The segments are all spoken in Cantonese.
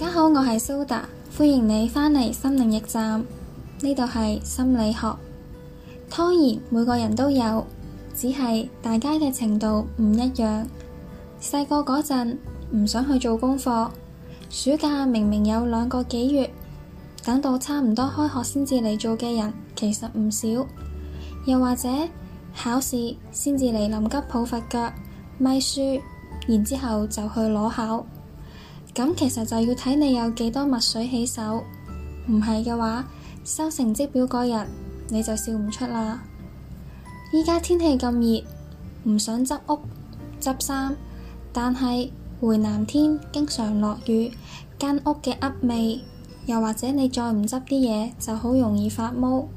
大家好，我係蘇打，歡迎你返嚟心靈驛站。呢度係心理學，當然每個人都有，只係大家嘅程度唔一樣。細個嗰陣唔想去做功課，暑假明明有兩個幾月，等到差唔多開學先至嚟做嘅人其實唔少。又或者考試先至嚟，臨急抱佛腳，咪書，然之後就去攞考。咁其實就要睇你有幾多墨水起手，唔係嘅話，收成績表嗰日你就笑唔出啦。依家天氣咁熱，唔想執屋執衫，但係回南天經常落雨，間屋嘅噏味，又或者你再唔執啲嘢，就好容易發毛。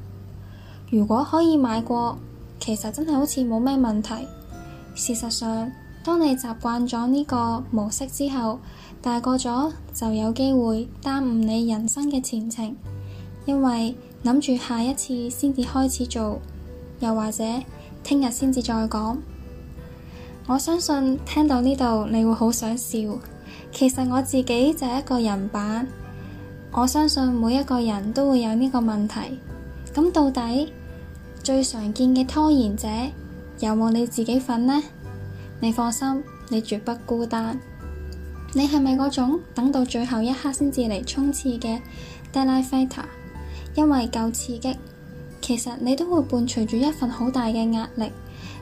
如果可以買過，其實真係好似冇咩問題。事實上，當你習慣咗呢個模式之後，大個咗就有機會耽誤你人生嘅前程，因為諗住下一次先至開始做，又或者聽日先至再講。我相信聽到呢度你會好想笑，其實我自己就係一個人版。我相信每一個人都會有呢個問題，咁到底最常見嘅拖延者有冇你自己份呢？你放心，你絕不孤單。你係咪嗰種等到最後一刻先至嚟衝刺嘅 deadline fighter？因為夠刺激，其實你都會伴隨住一份好大嘅壓力。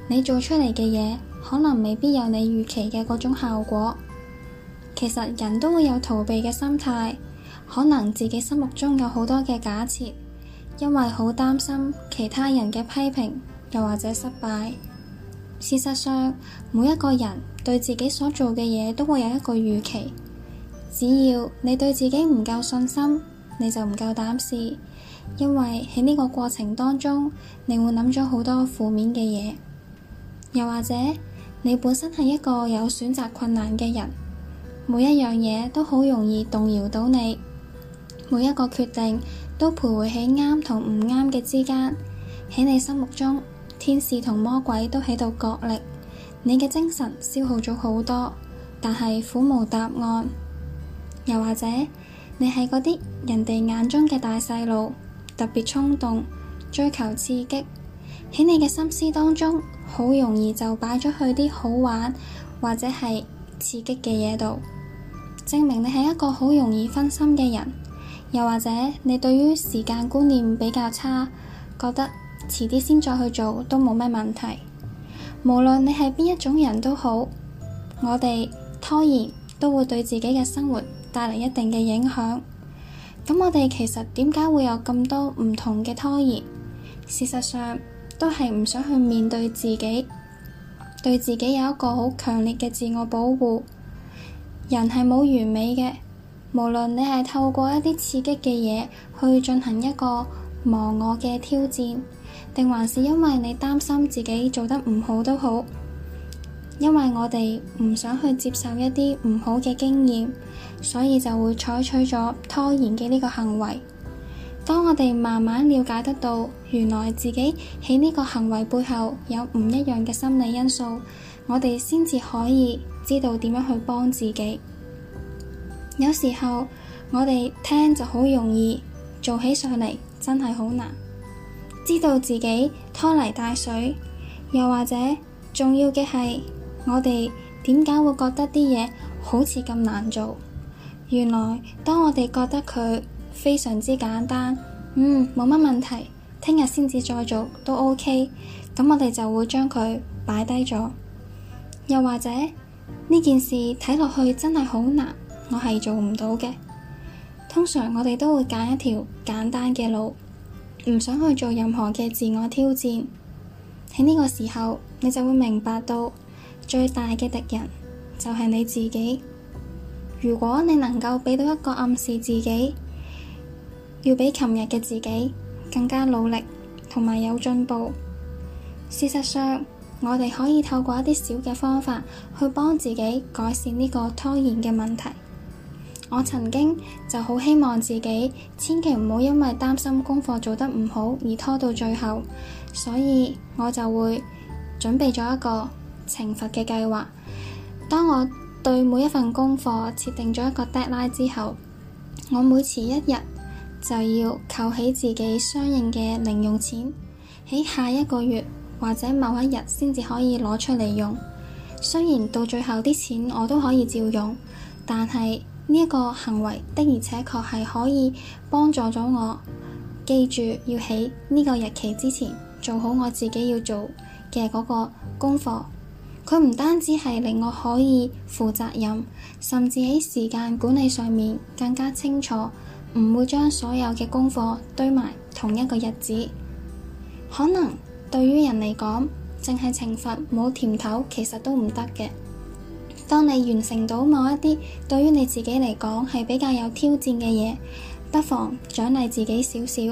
你做出嚟嘅嘢，可能未必有你預期嘅嗰種效果。其實人都會有逃避嘅心態，可能自己心目中有好多嘅假設，因為好擔心其他人嘅批評，又或者失敗。事實上，每一個人對自己所做嘅嘢都會有一個預期。只要你對自己唔夠信心，你就唔夠膽試，因為喺呢個過程當中，你會諗咗好多負面嘅嘢。又或者，你本身係一個有選擇困難嘅人，每一樣嘢都好容易動搖到你，每一個決定都徘徊喺啱同唔啱嘅之間，喺你心目中。天使同魔鬼都喺度角力，你嘅精神消耗咗好多，但係苦無答案。又或者你係嗰啲人哋眼中嘅大細路，特別衝動，追求刺激，喺你嘅心思當中，好容易就擺咗去啲好玩或者係刺激嘅嘢度，證明你係一個好容易分心嘅人。又或者你對於時間觀念比較差，覺得。遲啲先再去做都冇咩問題。無論你係邊一種人都好，我哋拖延都會對自己嘅生活帶嚟一定嘅影響。咁我哋其實點解會有咁多唔同嘅拖延？事實上都係唔想去面對自己，對自己有一個好強烈嘅自我保護。人係冇完美嘅，無論你係透過一啲刺激嘅嘢去進行一個忘我嘅挑戰。定還是因為你擔心自己做得唔好都好，因為我哋唔想去接受一啲唔好嘅經驗，所以就會採取咗拖延嘅呢個行為。當我哋慢慢了解得到，原來自己喺呢個行為背後有唔一樣嘅心理因素，我哋先至可以知道點樣去幫自己。有時候我哋聽就好容易，做起上嚟真係好難。知道自己拖泥帶水，又或者重要嘅係，我哋點解會覺得啲嘢好似咁難做？原來當我哋覺得佢非常之簡單，嗯，冇乜問題，聽日先至再做都 OK，咁我哋就會將佢擺低咗。又或者呢件事睇落去真係好難，我係做唔到嘅。通常我哋都會揀一條簡單嘅路。唔想去做任何嘅自我挑戰，喺呢個時候你就會明白到最大嘅敵人就係你自己。如果你能夠畀到一個暗示自己，要比琴日嘅自己更加努力同埋有進步，事實上我哋可以透過一啲小嘅方法去幫自己改善呢個拖延嘅問題。我曾經就好希望自己千祈唔好因為擔心功課做得唔好而拖到最後，所以我就會準備咗一個懲罰嘅計劃。當我對每一份功課設定咗一個 deadline 之後，我每遲一日就要扣起自己相應嘅零用錢，喺下一個月或者某一日先至可以攞出嚟用。雖然到最後啲錢我都可以照用，但係。呢一個行為的而且確係可以幫助咗我，記住要喺呢個日期之前做好我自己要做嘅嗰個功課。佢唔單止係令我可以負責任，甚至喺時間管理上面更加清楚，唔會將所有嘅功課堆埋同一個日子。可能對於人嚟講，淨係懲罰冇甜頭，其實都唔得嘅。當你完成到某一啲對於你自己嚟講係比較有挑戰嘅嘢，不妨獎勵自己少少。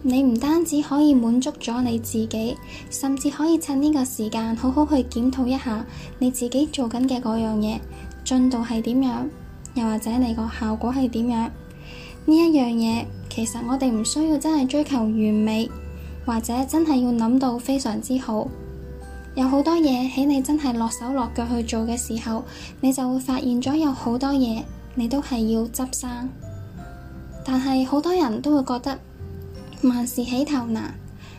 你唔單止可以滿足咗你自己，甚至可以趁呢個時間好好去檢討一下你自己做緊嘅嗰樣嘢進度係點樣，又或者你個效果係點樣。呢一樣嘢其實我哋唔需要真係追求完美，或者真係要諗到非常之好。有好多嘢喺你真係落手落腳去做嘅時候，你就會發現咗有好多嘢你都係要執生。但係好多人都會覺得萬事起頭難，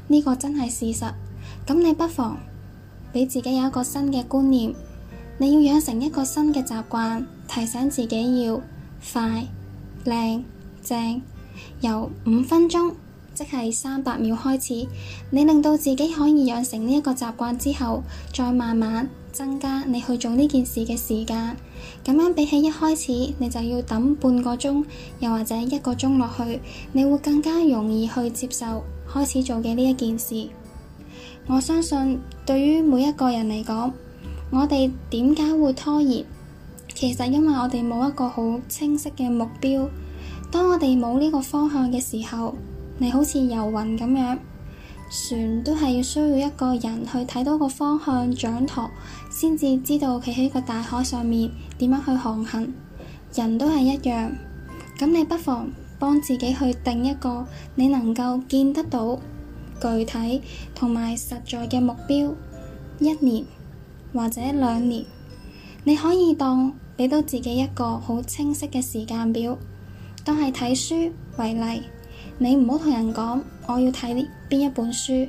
呢個真係事實。咁你不妨畀自己有一個新嘅觀念，你要養成一個新嘅習慣，提醒自己要快、靚、正、由五分鐘。即係三百秒開始，你令到自己可以養成呢一個習慣之後，再慢慢增加你去做呢件事嘅時間。咁樣比起一開始，你就要等半個鐘，又或者一個鐘落去，你會更加容易去接受開始做嘅呢一件事。我相信對於每一個人嚟講，我哋點解會拖延？其實因為我哋冇一個好清晰嘅目標。當我哋冇呢個方向嘅時候，你好似遊魂咁樣，船都係要需要一個人去睇多個方向掌舵，先至知道企喺個大海上面點樣去航行。人都係一樣，咁你不妨幫自己去定一個你能夠見得到、具體同埋實在嘅目標，一年或者兩年，你可以當畀到自己一個好清晰嘅時間表。當係睇書為例。你唔好同人講我要睇邊一本書，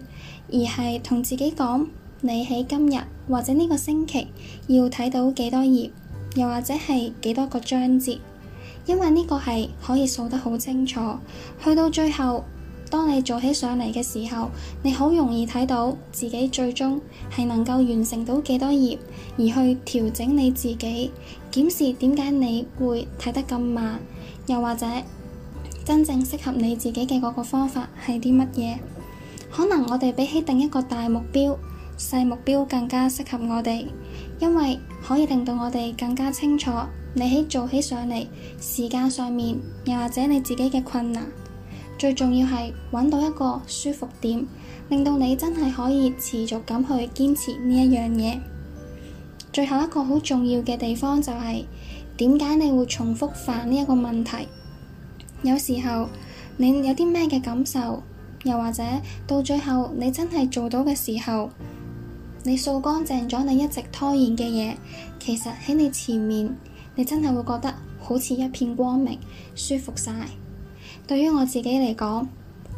而係同自己講你喺今日或者呢個星期要睇到幾多頁，又或者係幾多個章節，因為呢個係可以數得好清楚。去到最後，當你做起上嚟嘅時候，你好容易睇到自己最終係能夠完成到幾多頁，而去調整你自己，檢視點解你會睇得咁慢，又或者。真正適合你自己嘅嗰個方法係啲乜嘢？可能我哋比起定一個大目標、細目標更加適合我哋，因為可以令到我哋更加清楚你喺做起上嚟，時間上面，又或者你自己嘅困難。最重要係揾到一個舒服點，令到你真係可以持續咁去堅持呢一樣嘢。最後一個好重要嘅地方就係點解你會重複犯呢一個問題？有時候你有啲咩嘅感受，又或者到最後，你真係做到嘅時候，你掃乾淨咗，你一直拖延嘅嘢，其實喺你前面，你真係會覺得好似一片光明，舒服晒。對於我自己嚟講，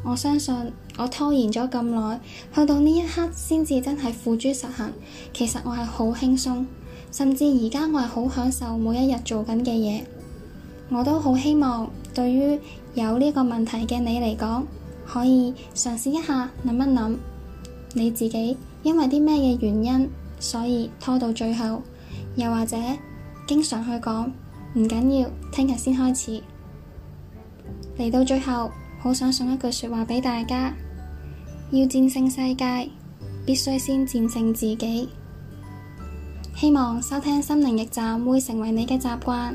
我相信我拖延咗咁耐，去到呢一刻先至真係付諸實行，其實我係好輕鬆，甚至而家我係好享受每一日做緊嘅嘢。我都好希望，對於有呢個問題嘅你嚟講，可以嘗試一下，諗一諗你自己因為啲咩嘅原因，所以拖到最後，又或者經常去講，唔緊要，聽日先開始。嚟到最後，好想送一句說話畀大家：要戰勝世界，必須先戰勝自己。希望收聽心靈驛站會成為你嘅習慣。